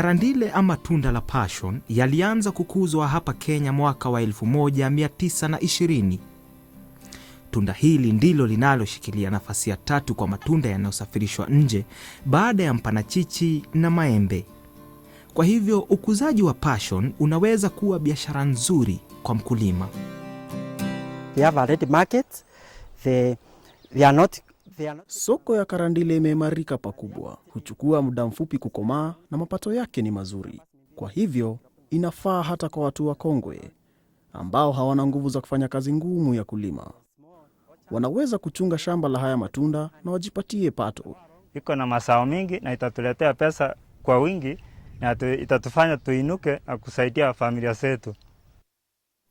Karandile ama tunda la passion yalianza kukuzwa hapa Kenya mwaka wa 1920. Tunda hili ndilo linaloshikilia nafasi ya tatu kwa matunda yanayosafirishwa nje baada ya mpanachichi na maembe. Kwa hivyo ukuzaji wa passion unaweza kuwa biashara nzuri kwa mkulima. We have a market. They, they are not Soko ya Karandile imeimarika pakubwa, huchukua muda mfupi kukomaa na mapato yake ni mazuri. Kwa hivyo inafaa hata kwa watu wakongwe ambao hawana nguvu za kufanya kazi ngumu ya kulima. Wanaweza kuchunga shamba la haya matunda na wajipatie pato. Iko na masao mingi na itatuletea pesa kwa wingi na itatufanya tuinuke na kusaidia familia zetu.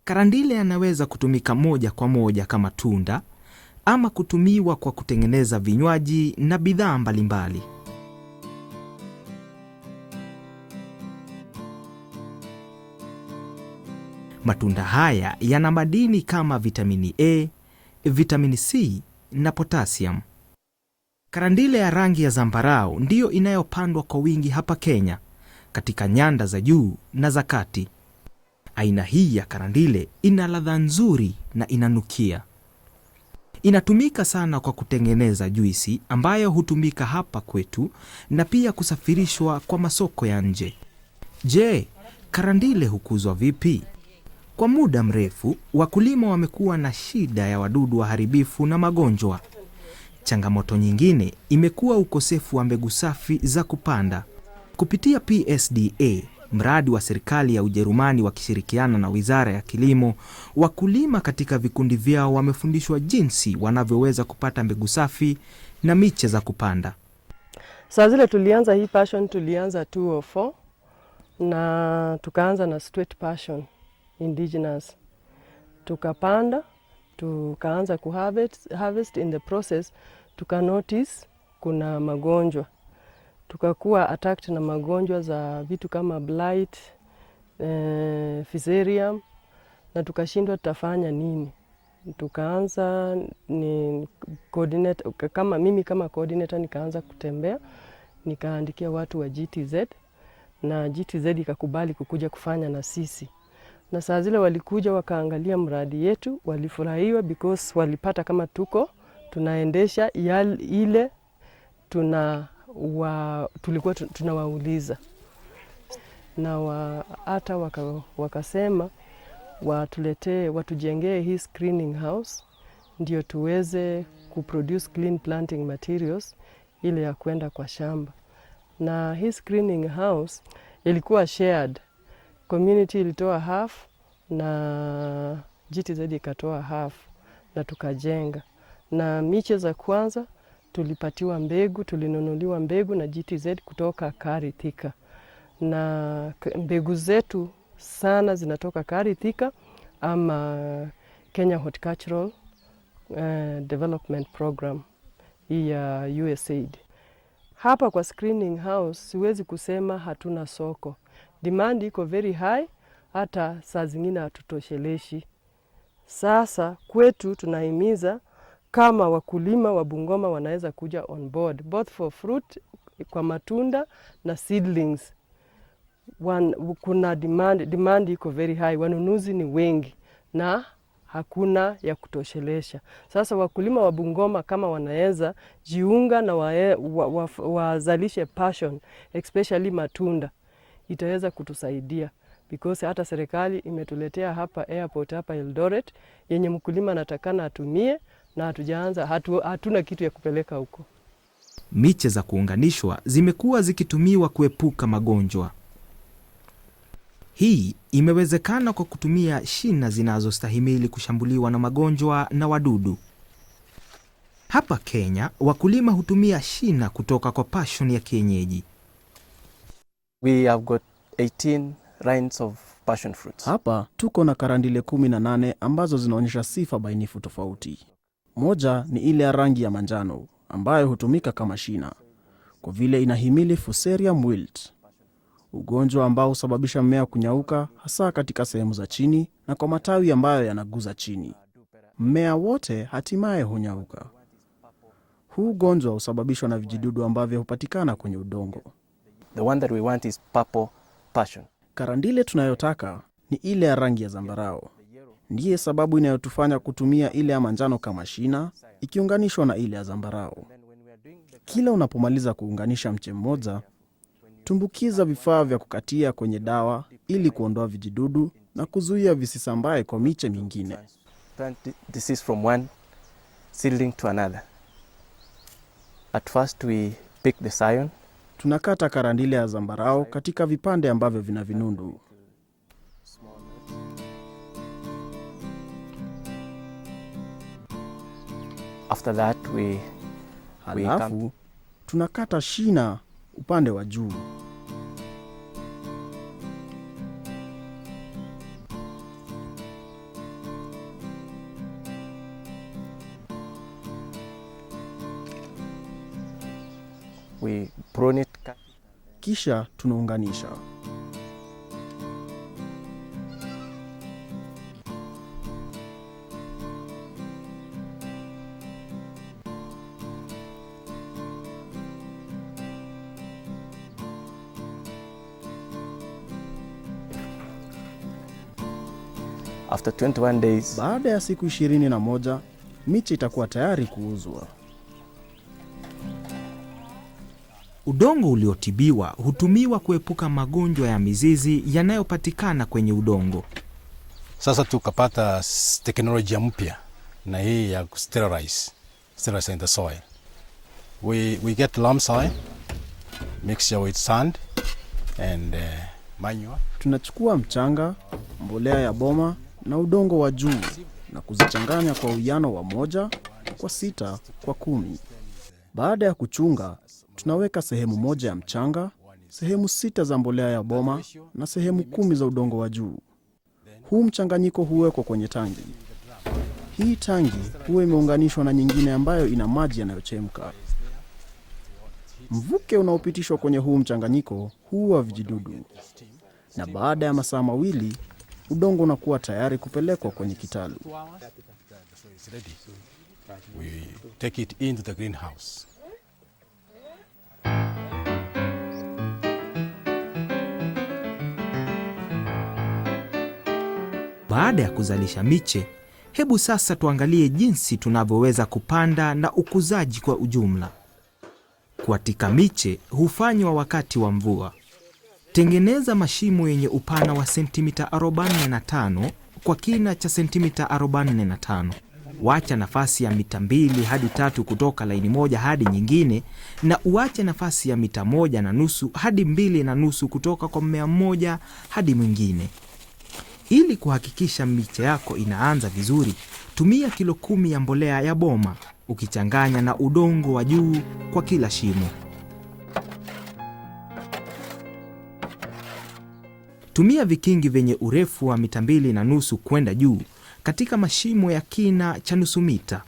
Karandile anaweza kutumika moja kwa moja kama tunda ama kutumiwa kwa kutengeneza vinywaji na bidhaa mbalimbali. Matunda haya yana madini kama vitamini A, vitamini C na potassium. Karandile ya rangi ya zambarau ndiyo inayopandwa kwa wingi hapa Kenya katika nyanda za juu na za kati. Aina hii ya karandile ina ladha nzuri na inanukia. Inatumika sana kwa kutengeneza juisi ambayo hutumika hapa kwetu na pia kusafirishwa kwa masoko ya nje. Je, karandile hukuzwa vipi? Kwa muda mrefu wakulima wamekuwa na shida ya wadudu waharibifu na magonjwa. Changamoto nyingine imekuwa ukosefu wa mbegu safi za kupanda. Kupitia PSDA mradi wa serikali ya Ujerumani wakishirikiana na Wizara ya Kilimo, wakulima katika vikundi vyao wamefundishwa jinsi wanavyoweza kupata mbegu safi na miche za kupanda. Saa zile tulianza hii passion, tulianza 204 na tukaanza na straight passion indigenous, tukapanda tukaanza ku harvest, in the process, tukanotice kuna magonjwa tukakuwa attacked na magonjwa za vitu kama blight, eh, fusarium na tukashindwa tutafanya nini. Tukaanza ni kama mimi kama coordinator nikaanza kutembea nikaandikia watu wa GTZ na GTZ ikakubali kukuja kufanya na sisi, na saa zile walikuja wakaangalia mradi yetu, walifurahiwa because walipata kama tuko tunaendesha ile tuna wa, tulikuwa tunawauliza na wa, hata waka, wakasema watuletee watujengee hii screening house ndio tuweze kuproduce clean planting materials ile ya kwenda kwa shamba. Na hii screening house ilikuwa shared, community ilitoa half na GTZ ikatoa half na tukajenga, na miche za kwanza tulipatiwa mbegu, tulinunuliwa mbegu na GTZ kutoka Karithika, na mbegu zetu sana zinatoka Karithika ama Kenya Horticultural uh, Development Program ya USAID. Hapa kwa Screening House siwezi kusema hatuna soko, demand iko very high, hata saa zingine hatutosheleshi. Sasa kwetu tunahimiza kama wakulima wa Bungoma wanaweza kuja on board both for fruit kwa matunda na seedlings. One, kuna demand, demand iko very high, wanunuzi ni wengi na hakuna ya kutoshelesha. Sasa wakulima wa Bungoma kama wanaweza jiunga na wazalishe wa, wa, wa passion especially matunda itaweza kutusaidia because hata serikali imetuletea hapa airport hapa Eldoret yenye mkulima anatakana atumie na hatujaanza hatu, hatuna kitu ya kupeleka huko. Miche za kuunganishwa zimekuwa zikitumiwa kuepuka magonjwa. Hii imewezekana kwa kutumia shina zinazostahimili kushambuliwa na magonjwa na wadudu. Hapa Kenya, wakulima hutumia shina kutoka kwa passion ya kienyeji. We have got 18 of passion fruits. Hapa tuko na karandile 18 ambazo zinaonyesha sifa bainifu tofauti. Moja ni ile ya rangi ya manjano ambayo hutumika kama shina kwa vile inahimili Fusarium wilt, ugonjwa ambao husababisha mmea kunyauka hasa katika sehemu za chini na kwa matawi ambayo yanaguza chini. Mmea wote hatimaye hunyauka. Huu ugonjwa husababishwa na vijidudu ambavyo hupatikana kwenye udongo. The one that we want is purple passion. Karandile tunayotaka ni ile ya rangi ya zambarao ndiye sababu inayotufanya kutumia ile ya manjano kama shina ikiunganishwa na ile ya zambarau. Kila unapomaliza kuunganisha mche mmoja, tumbukiza vifaa vya kukatia kwenye dawa ili kuondoa vijidudu na kuzuia visisambae kwa miche mingine. Tunakata karandile ya zambarau katika vipande ambavyo vina vinundu. After that we, we tunakata shina upande wa juu. We prune it. Kisha tunaunganisha. After 21 days, baada ya siku 21 miche itakuwa tayari kuuzwa. Udongo uliotibiwa hutumiwa kuepuka magonjwa ya mizizi yanayopatikana kwenye udongo. Sasa tukapata teknolojia mpya na hii ya sterilize, sterilize in the soil. We, we get loam soil mixture with sand and uh, manure. Tunachukua mchanga, mbolea ya boma na udongo wa juu na kuzichanganya kwa uwiano wa moja kwa sita kwa kumi. Baada ya kuchunga, tunaweka sehemu moja ya mchanga, sehemu sita za mbolea ya boma na sehemu kumi za udongo wa juu. Huu mchanganyiko huwekwa kwenye tangi. Hii tangi huwa imeunganishwa na nyingine ambayo ina maji yanayochemka. Mvuke unaopitishwa kwenye huu mchanganyiko huua vijidudu, na baada ya masaa mawili udongo unakuwa tayari kupelekwa kwenye kitalu. Baada ya kuzalisha miche, hebu sasa tuangalie jinsi tunavyoweza kupanda na ukuzaji kwa ujumla. Kuatika miche hufanywa wakati wa mvua. Tengeneza mashimo yenye upana wa sentimita 45 kwa kina cha sentimita 45. Wacha nafasi ya mita mbili hadi tatu kutoka laini moja hadi nyingine, na uache nafasi ya mita moja na nusu hadi mbili na nusu kutoka kwa mmea mmoja hadi mwingine. Ili kuhakikisha miche yako inaanza vizuri, tumia kilo kumi ya mbolea ya boma ukichanganya na udongo wa juu kwa kila shimo. Tumia vikingi vyenye urefu wa mita mbili na nusu kwenda juu katika mashimo ya kina cha nusu mita.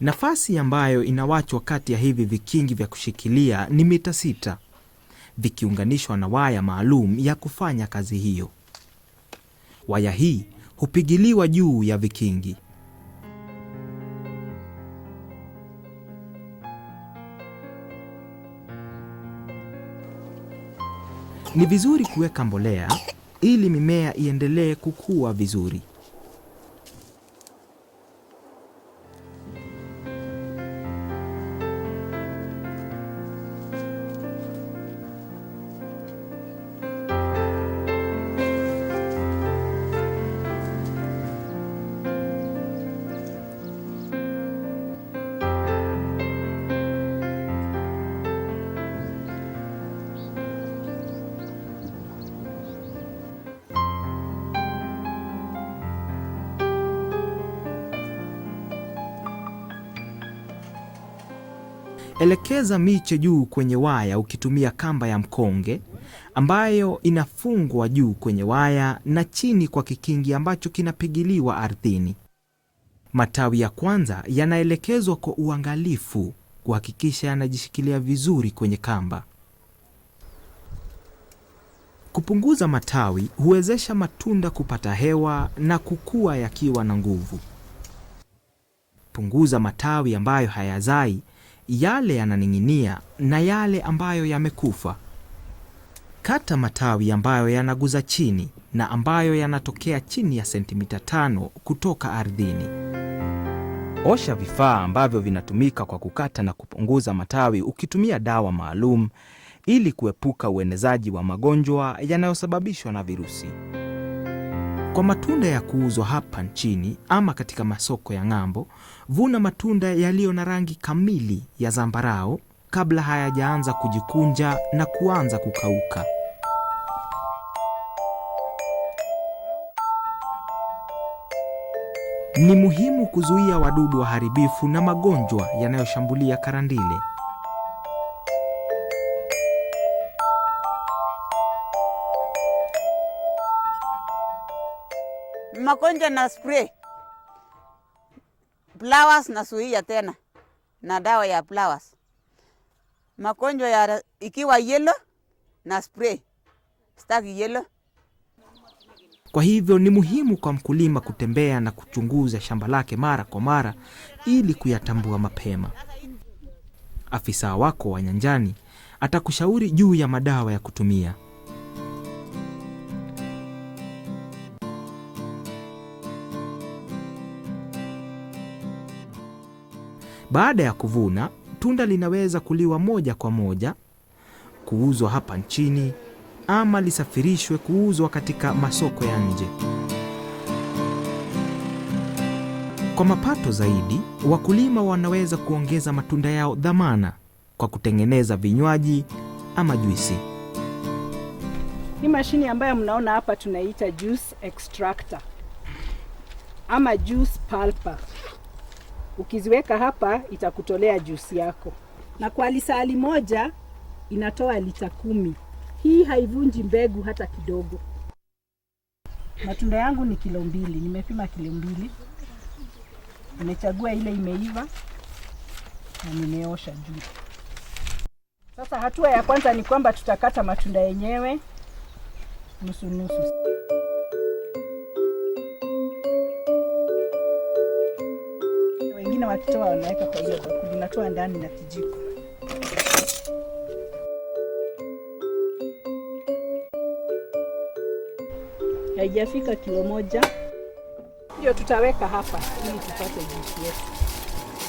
Nafasi ambayo inawachwa kati ya hivi vikingi vya kushikilia ni mita sita, vikiunganishwa na waya maalum ya kufanya kazi hiyo. Waya hii hupigiliwa juu ya vikingi. Ni vizuri kuweka mbolea ili mimea iendelee kukua vizuri. Elekeza miche juu kwenye waya ukitumia kamba ya mkonge ambayo inafungwa juu kwenye waya na chini kwa kikingi ambacho kinapigiliwa ardhini. Matawi ya kwanza yanaelekezwa kwa uangalifu kuhakikisha yanajishikilia vizuri kwenye kamba. Kupunguza matawi huwezesha matunda kupata hewa na kukua yakiwa na nguvu. Punguza matawi ambayo hayazai yale yananing'inia na yale ambayo yamekufa. Kata matawi ambayo yanaguza chini na ambayo yanatokea chini ya sentimita tano kutoka ardhini. Osha vifaa ambavyo vinatumika kwa kukata na kupunguza matawi ukitumia dawa maalum ili kuepuka uenezaji wa magonjwa yanayosababishwa na virusi. Kwa matunda ya kuuzwa hapa nchini ama katika masoko ya ng'ambo, vuna matunda yaliyo na rangi kamili ya zambarao kabla hayajaanza kujikunja na kuanza kukauka. Ni muhimu kuzuia wadudu waharibifu na magonjwa yanayoshambulia karandile. magonjwa na spray flowers na suia tena na dawa ya flowers. makonjo ya ikiwa yellow na spray stag yellow. Kwa hivyo ni muhimu kwa mkulima kutembea na kuchunguza shamba lake mara kwa mara ili kuyatambua mapema. Afisa wako wa nyanjani atakushauri juu ya madawa ya kutumia. Baada ya kuvuna, tunda linaweza kuliwa moja kwa moja, kuuzwa hapa nchini ama lisafirishwe kuuzwa katika masoko ya nje. Kwa mapato zaidi, wakulima wanaweza kuongeza matunda yao dhamana kwa kutengeneza vinywaji ama juisi. Hii mashini ambayo mnaona hapa tunaita juice extractor ama juice pulper. Ukiziweka hapa itakutolea juisi yako, na kwa lisali moja inatoa lita kumi. Hii haivunji mbegu hata kidogo. Matunda yangu ni kilo mbili, nimepima kilo mbili. Nimechagua ile imeiva na nimeosha juu. Sasa hatua ya kwanza ni kwamba tutakata matunda yenyewe nusu nusu. unatoa unaweka kwa hiyo bakuli, unatoa ndani na kijiko. Haijafika kilo moja ndio tutaweka hapa ili tupate juisi yetu.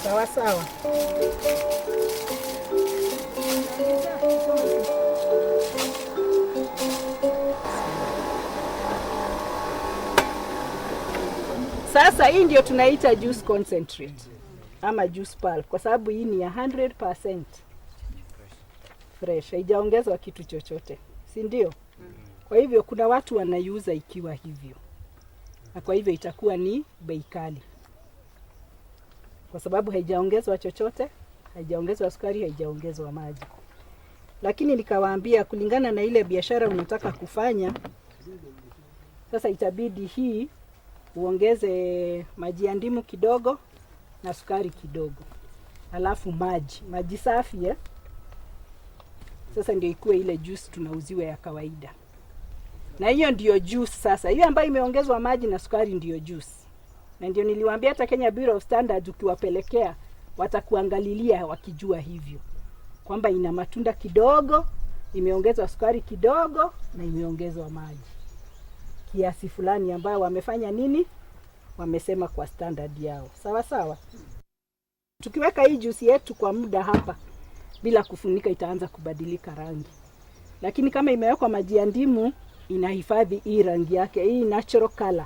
Sawa sawa. Sasa hii ndio tunaita juice concentrate ama juice pulp, kwa sababu hii ni ya 100% fresh, haijaongezwa kitu chochote, si ndio? Mm. Kwa hivyo kuna watu wanaiuza ikiwa hivyo, na kwa hivyo itakuwa ni bei kali, kwa sababu haijaongezwa chochote, haijaongezwa sukari, haijaongezwa maji. Lakini nikawaambia kulingana na ile biashara unataka kufanya, sasa itabidi hii uongeze maji ya ndimu kidogo na sukari kidogo, alafu maji maji safi eh? Sasa ndio ikuwe ile juice tunauziwa ya kawaida, na hiyo ndiyo juice sasa. Hiyo ambayo imeongezwa maji na sukari ndiyo juice, na ndio niliwaambia hata Kenya Bureau of Standards ukiwapelekea watakuangalilia wakijua hivyo kwamba ina matunda kidogo, imeongezwa sukari kidogo na imeongezwa maji kiasi fulani, ambayo wamefanya nini wamesema kwa standard yao. Sawa sawa, tukiweka hii juisi yetu kwa muda hapa bila kufunika, itaanza kubadilika rangi, lakini kama imewekwa maji ya ndimu inahifadhi hii rangi yake, hii natural color.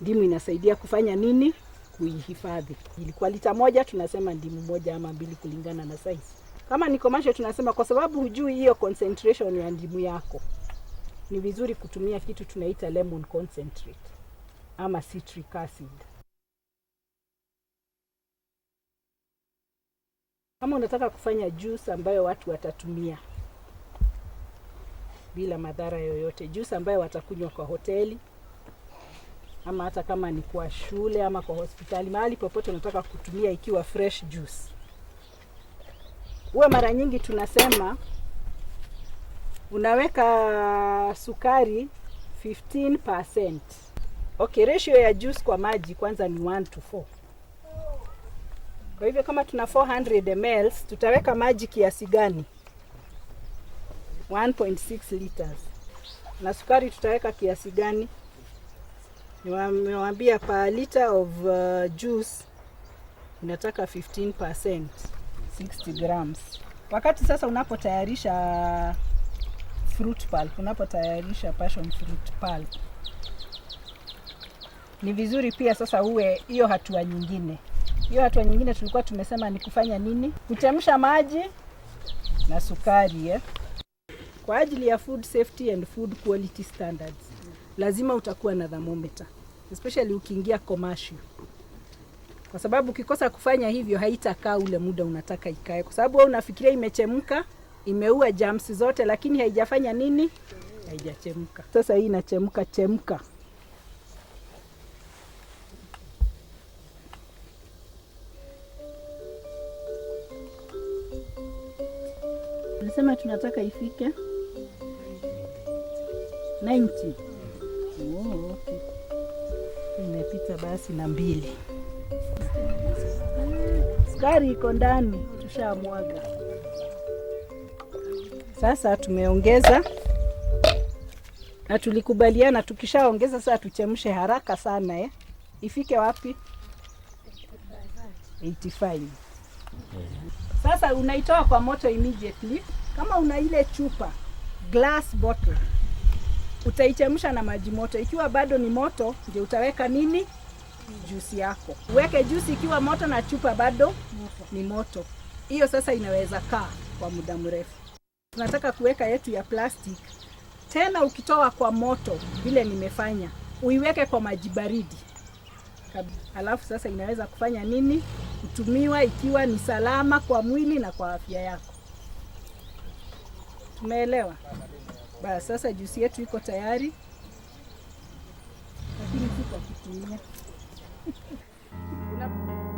Ndimu inasaidia kufanya nini? Kuihifadhi. Ilikuwa lita moja, tunasema ndimu moja ama mbili kulingana na size. Kama ni commercial tunasema, kwa sababu hujui hiyo concentration ya ndimu yako, ni vizuri kutumia kitu tunaita lemon concentrate ama citric acid. Kama unataka kufanya juice ambayo watu watatumia bila madhara yoyote, juice ambayo watakunywa kwa hoteli ama hata kama ni kwa shule ama kwa hospitali, mahali popote unataka kutumia ikiwa fresh juice. Huwa mara nyingi tunasema unaweka sukari 15% Okay, ratio ya juice kwa maji kwanza ni 1 to 4. Kwa hivyo kama tuna 400 ml tutaweka maji kiasi gani? 1.6 liters. Na sukari tutaweka kiasi gani? Nimewambia per liter of uh, juice inataka 15%, 60 grams. Wakati sasa unapotayarisha fruit pulp, unapotayarisha passion fruit pulp ni vizuri pia sasa uwe hiyo hatua nyingine. Hiyo hatua nyingine tulikuwa tumesema ni kufanya nini? Kuchemsha maji na sukari eh? Kwa ajili ya food safety and food quality standards lazima utakuwa na thermometer, especially ukiingia commercial, kwa sababu ukikosa kufanya hivyo haitakaa ule muda unataka ikae, kwa sababu wewe unafikiria imechemka, imeua germs zote, lakini haijafanya nini? Haijachemka. Sasa hii inachemka chemka, chemka. Tulisema tunataka ifike 90. Oh, okay. Imepita basi na mbili. Sukari iko ndani, tushamwaga. Sasa tumeongeza na tulikubaliana tukishaongeza sasa tuchemshe haraka sana eh. Ifike wapi? 85. Sasa unaitoa kwa moto immediately. Kama una ile chupa glass bottle, utaichemsha na maji moto. Ikiwa bado ni moto, ndio utaweka nini, juisi yako. Uweke juisi ikiwa moto na chupa bado moto, ni moto. Hiyo sasa inaweza kaa kwa muda mrefu. Tunataka kuweka yetu ya plastic tena, ukitoa kwa moto vile nimefanya, uiweke kwa maji baridi alafu sasa inaweza kufanya nini? Kutumiwa ikiwa ni salama kwa mwili na kwa afya yako. Tumeelewa Basi sasa juisi yetu iko tayari, lakini tutakitumia